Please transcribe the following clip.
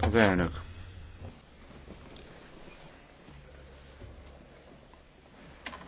Az elnök.